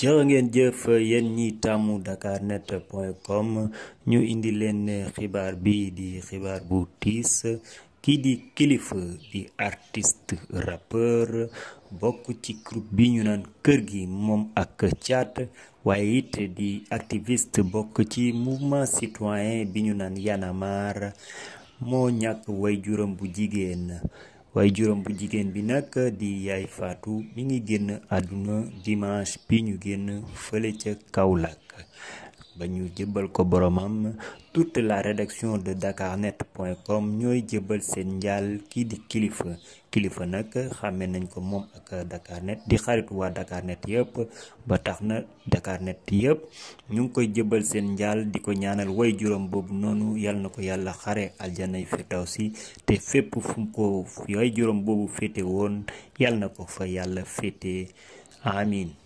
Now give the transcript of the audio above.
jërë ngeen jëf yéen ñi tàmmu dakarnet point com ñu indi leen xibaar bi di xibaar bu tiis kii di kilifa di artist rappeur bokk ci groupe bi ñu naan kër gi moom ak caat waaye it di activiste bokk ci mouvement citoyen bi ñu naan yanamar moo ñàkk way juram bu jigéen waaye juróom bu jigéen bi nag di yaay faatu mi ngi génn àdduna dimanche bi ñu génn fële ca Kaolack ba ñu jébbal ko boromam toute la rédaction de dakarnet.com ñooy jébbal seen njaal kii di kilifa kilifa nag xàmmee nañ ko moom ak dakarnet di xarit waa dakarnet yëpp ba tax na dakarnet yëpp ñu ngi koy jëbal seen njaal di ko ñaanal way juróom boobu noonu yàlla na ko yàlla xare aljanay firdawsi te fépp fu ko way juróom boobu féete woon yàlla na ko fa yàlla féete amin